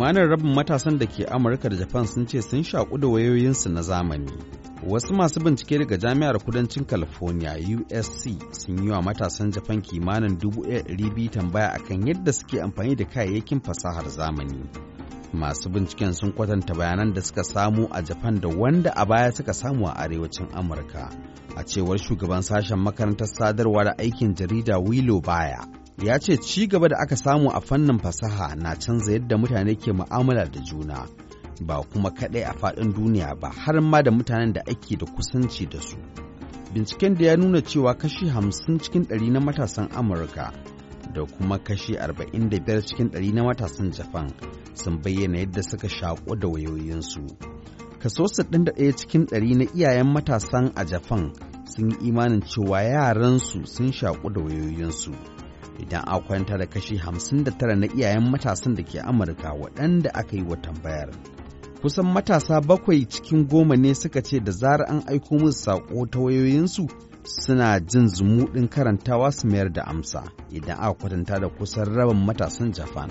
kimanin rabin matasan da ke amurka da japan sun ce sun shaƙu wayoyinsu na zamani wasu masu bincike daga jami'ar kudancin california usc sun yi wa matasan japan kimanin 1,200 tambaya akan yadda suke amfani da kayayyakin fasahar zamani masu binciken sun kwatanta bayanan da suka samu a japan da wanda a baya suka samu a arewacin amurka a cewar shugaban sashen makarantar sadarwa da aikin jarida willow baya ya ce ci gaba da aka samu a fannin fasaha na canza yadda mutane ke mu'amala da juna ba kuma kaɗai a faɗin duniya ba har ma da mutanen da ake da kusanci da su binciken da ya nuna cewa kashi hamsin cikin ɗari na matasan amurka da kuma kashi 45 cikin 100 na matasan Japan sun bayyana yadda suka shaƙo da wayoyinsu. Kaso 61 cikin 100 na iyayen matasan a Japan sun yi imanin cewa yaransu sun shaƙo da wayoyinsu. idan a kwanta da kashi 59 na iyayen matasan da ke amurka waɗanda aka yi wa tambayar kusan matasa bakwai cikin goma ne suka ce da zarar an aiko musu saƙo ta wayoyinsu suna jin zumuɗin karantawa su mayar da amsa idan aka kwatanta da kusan rabin matasan japan